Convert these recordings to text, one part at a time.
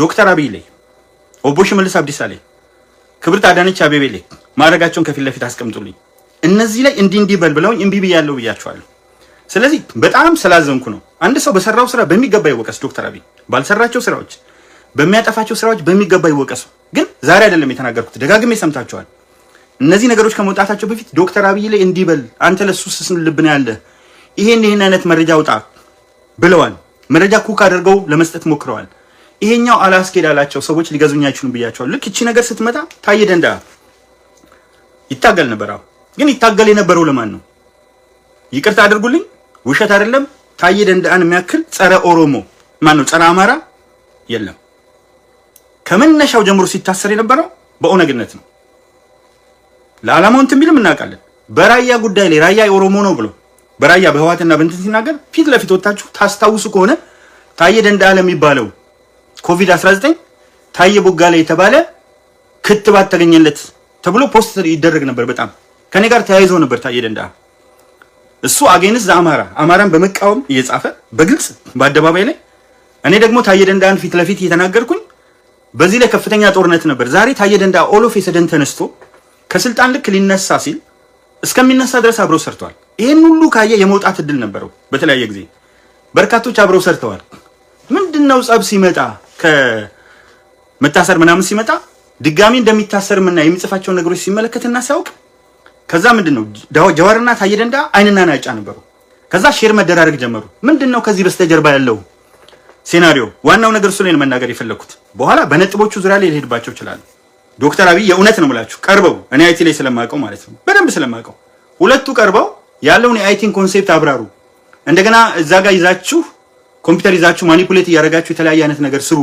ዶክተር አብይ ላይ ኦቦ ሽመልስ አብዲሳ ላይ ክብርት አዳነች አቤቤ ላይ ማድረጋቸውን ከፊት ለፊት አስቀምጡልኝ። እነዚህ ላይ እንዲህ እንዲህ በል ብለውኝ እምቢ ብያለሁ ብያቸዋለሁ። ስለዚህ በጣም ስላዘንኩ ነው። አንድ ሰው በሰራው ስራ በሚገባ ይወቀስ። ዶክተር አብይ ባልሰራቸው ስራዎች፣ በሚያጠፋቸው ስራዎች በሚገባ ይወቀሱ። ግን ዛሬ አይደለም የተናገርኩት፣ ደጋግሜ ሰምታችኋል። እነዚህ ነገሮች ከመውጣታቸው በፊት ዶክተር አብይ ላይ እንዲህ በል አንተ ለሱ ስስን ልብን ያለ ይሄን ይህን አይነት መረጃ አውጣ ብለዋል። መረጃ ኩክ አድርገው ለመስጠት ሞክረዋል። ይሄኛው አላስኬድ አላቸው ሰዎች ሊገዙኝ አይችሉም ብያቸዋል። ልክ እቺ ነገር ስትመጣ ታየ ደንዳ ይታገል ነበር። አሁን ግን ይታገል የነበረው ለማን ነው? ይቅርታ አድርጉልኝ፣ ውሸት አይደለም። ታዬ ደንዳን የሚያክል ጸረ ኦሮሞ ማን ነው? ጸረ አማራ የለም። ከመነሻው ጀምሮ ሲታሰር የነበረው በኦነግነት ነው። ለዓላማው እንትን ቢልም እናውቃለን። በራያ ጉዳይ ላይ ራያ የኦሮሞ ነው ብሎ በራያ በህዋትና በእንትን ሲናገር ፊት ለፊት ወታችሁ ታስታውሱ ከሆነ ታየ ደንዳ ለሚባለው ኮቪድ 19 ታየ ቦጋለ የተባለ ክትባት ተገኘለት ተብሎ ፖስተር ይደረግ ነበር። በጣም ከኔ ጋር ተያይዞ ነበር ታየ ደንዳ። እሱ አጌንስ አማራ አማራን በመቃወም እየጻፈ በግልጽ በአደባባይ ላይ፣ እኔ ደግሞ ታየ ደንዳን ፊት ለፊት እየተናገርኩኝ በዚህ ላይ ከፍተኛ ጦርነት ነበር። ዛሬ ታየ ደንዳ ኦፍ የሰደን ተነስቶ ከስልጣን ልክ ሊነሳ ሲል እስከሚነሳ ድረስ አብረው ሰርተዋል። ይህን ሁሉ ካየ የመውጣት እድል ነበረው። በተለያየ ጊዜ በርካቶች አብረው ሰርተዋል። ምንድነው ጸብ ሲመጣ ከመታሰር ምናምን ሲመጣ ድጋሚ እንደሚታሰርምና የሚጽፋቸውን ነገሮች ሲመለከትና ሲያውቅ ከዛ ምንድን ነው ጀዋርና ታየ ደንዳ አይንና ናጫ ነበሩ። ከዛ ሼር መደራረግ ጀመሩ። ምንድን ነው ከዚህ በስተጀርባ ያለው ሴናሪዮ? ዋናው ነገር እሱ ላይ መናገር የፈለግኩት። በኋላ በነጥቦቹ ዙሪያ ላይ ሊሄድባቸው ይችላሉ። ዶክተር አብይ የእውነት ነው ብላችሁ ቀርበው እኔ አይቲ ላይ ስለማውቀው ማለት ነው በደንብ ስለማውቀው ሁለቱ ቀርበው ያለውን የአይቲን ኮንሴፕት አብራሩ። እንደገና እዛ ጋር ይዛችሁ ኮምፒውተር ይዛችሁ ማኒፑሌት እያደረጋችሁ የተለያየ አይነት ነገር ስሩ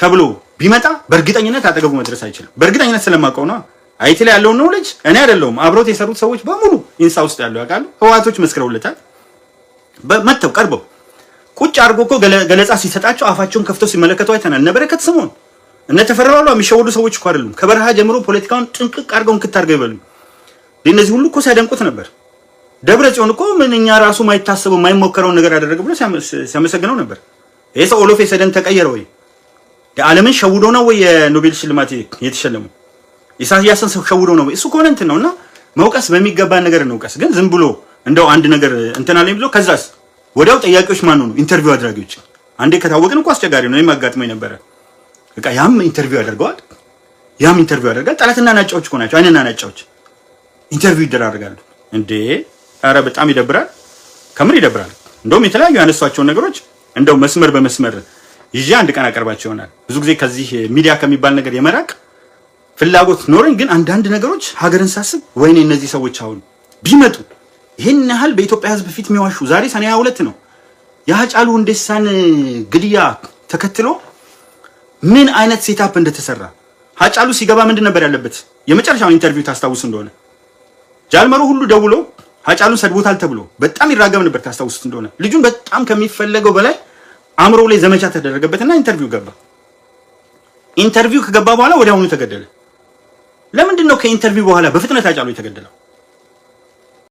ተብሎ ቢመጣ በእርግጠኝነት አጠገቡ መድረስ አይችልም። በእርግጠኝነት ስለማውቀው ነው። አይቲ ላይ ያለውን ነው ልጅ እኔ አይደለሁም አብሮት የሰሩት ሰዎች በሙሉ ኢንሳ ውስጥ ያለው ያውቃሉ። ህወሓቶች መስክረውለታል። መጥተው ቀርበው ቁጭ አድርጎ እኮ ገለጻ ሲሰጣቸው አፋቸውን ከፍተው ሲመለከቱ አይተናል። ነበረከት በረከት ስምኦን እነ የሚሸወዱ ሰዎች እኮ አይደሉም። ከበረሃ ጀምሮ ፖለቲካውን ጥንቅቅ አድርገው እንክት አድርገው ይበሉ። እነዚህ ሁሉ እኮ ሲያደንቁት ነበር። ደብረ ጽዮን እኮ ምንኛ ራሱ ማይታሰበው ማይሞከረውን ነገር ያደረገ ብሎ ሲያመሰግነው ነበር። ይህ ሰው ኦሎፌ ሰደን ተቀየረ ወይ? የዓለምን ሸውዶ ነው ወይ የኖቤል ሽልማት የተሸለመው? ኢሳያስን ሸውዶ ነው ወይ? እሱ ከሆነ እንትን ነው እና መውቀስ በሚገባ ነገር እንውቀስ። ግን ዝም ብሎ እንደው አንድ ነገር እንትን አለኝ ብሎ ከዛስ ወዲያው ጠያቂዎች ማን ነው? ኢንተርቪው አድራጊዎች። አንዴ ከታወቅን እኮ አስቸጋሪ ነው። አጋጥሞኝ ነበረ። በቃ ያም ኢንተርቪው ያደርገዋል፣ ያም ኢንተርቪው ያደርጋል። ጠላትና ናጫዎች እኮ ናቸው። አይንና ናጫዎች ኢንተርቪው ይደራርጋሉ እንዴ ኧረ በጣም ይደብራል። ከምር ይደብራል። እንደውም የተለያዩ ያነሷቸውን ነገሮች እንደው መስመር በመስመር ይዤ አንድ ቀን አቀርባቸው ይሆናል። ብዙ ጊዜ ከዚህ ሚዲያ ከሚባል ነገር የመራቅ ፍላጎት ኖረኝ፣ ግን አንዳንድ ነገሮች ሀገርን ሳስብ ወይኔ እነዚህ ሰዎች አሁን ቢመጡ ይህን ያህል በኢትዮጵያ ሕዝብ ፊት የሚዋሹ ዛሬ ሰኔ ሀያ ሁለት ነው የሀጫሉ ሁንዴሳን ግድያ ተከትሎ ምን አይነት ሴታፕ እንደተሰራ ሀጫሉ ሲገባ ምንድን ነበር ያለበት? የመጨረሻውን ኢንተርቪው ታስታውስ እንደሆነ ጃልመሮ ሁሉ ደውሎ ሀጫሉን ሰድቦታል ተብሎ በጣም ይራገብ ነበር። ታስታውሱት እንደሆነ ልጁን በጣም ከሚፈለገው በላይ አእምሮ ላይ ዘመቻ ተደረገበትና ኢንተርቪው ገባ። ኢንተርቪው ከገባ በኋላ ወዲያውኑ ተገደለ። ለምንድን ነው ከኢንተርቪው በኋላ በፍጥነት ሀጫሉ የተገደለው?